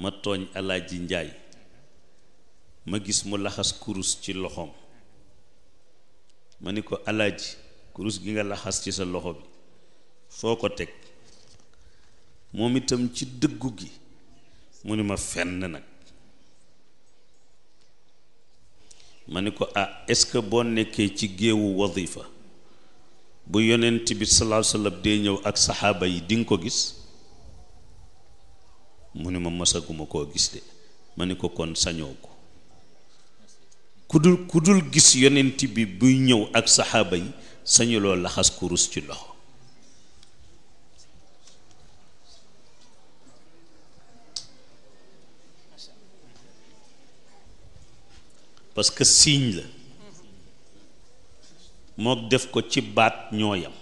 ma tooñ alaaji njaay ma gis mu laxas kurus ci loxoom ma ni ko alaaji kurus gi nga laxas ci sa loxo bi foo ko teg moom itam ci dëggu gi mu ni ma fenn nag ma ni ko ah est-ce que boo nekkee ci géewu wadifa bu yonent bi sallallahu alayhi dee ñëw ak saxaaba yi di nga ko gis mu ne ma masaguma koo gis de ma ne ko kon sañoo ko ku dul ku dul gis yonent bi buy ñëw ak saxaaba yi sañuloo laxas kurus ci loxo parce que signe la mook def ko ci baat ñooyam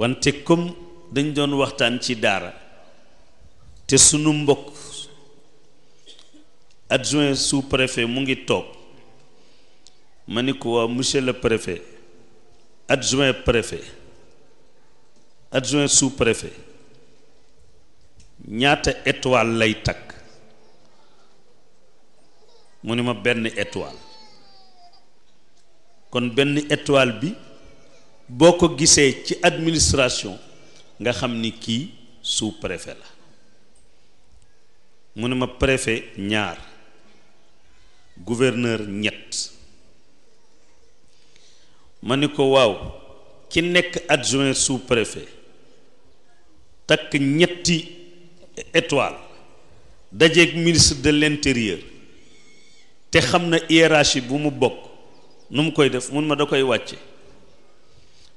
wante comme dañ doon waxtaan ci daara te sunu mbokk adjoint sous préfet mu ngi toog ma ni ko waa monsieur le préfet adjoint préfet adjoint sous préfet ñaata étoile lay takk mu ni ma benn étoile kon benn étoile bi boo ko gisee ci administration nga xam ni kii sous préfet la mu ne ma préfet ñaar gouverneur ñett ma ne ko waaw ki nekk adjoint sous préfet takk ñetti étoile dajeeg ministre de l'intérieur te xam na hiérarchie bu mu bokk nu mu koy def mun ma da koy wàcce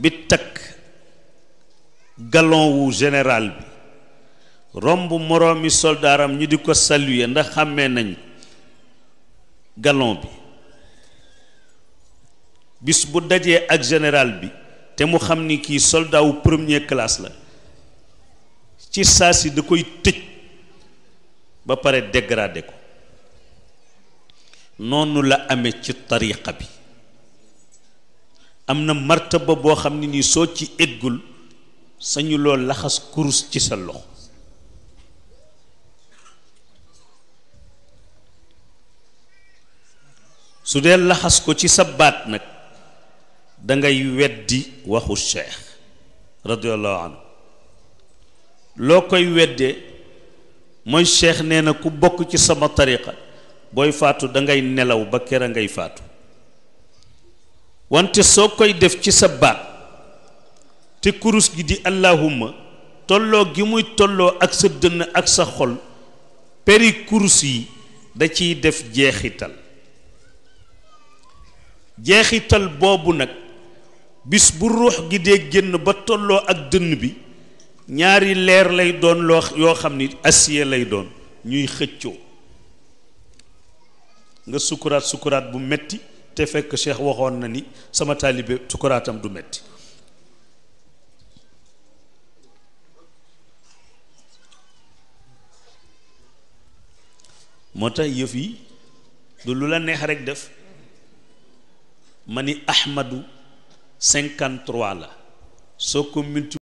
bi takk galon wu général bi romb moroomi soldaaram ñu di ko saluer ndax xàmmee nañ galon bi bis bu dajee ak général bi te mu xam ni kii soldat wu premier classe la ci saa si da koy tëj ba pare dégradé ko noonu la ame ci tariqa bi am na martaba boo xam ne ni soo ci eggul sañu loo laxas kurus ci sa loxo su dee laxas ko ci sa baat nag dangay weddi waxu cheikh radiallahu loo koy weddee mooy cheikh nee na ku bokk ci sama tariqa booy faatu dangay nelaw ba kër a ngay faatu wante soo koy def ci sa baat te kurus gi di allahumma tolloo gi muy tolloo ak sa dënn ak sa xol peri kurus yi da ciy def jeexital jeexital boobu nag bis bu ruux gi dee génn ba tolloo ak dënn bi ñaari leer lay doon yoo xam ni acier lay doon ñuy xëccoo nga sukuraat sukuraat bu metti te fekk cheikh waxoon na ni sama taalibe sukuraatam du metti moo tax yëf yi du lu la neex rek def ma ni ahmadu 53 la soo ko multi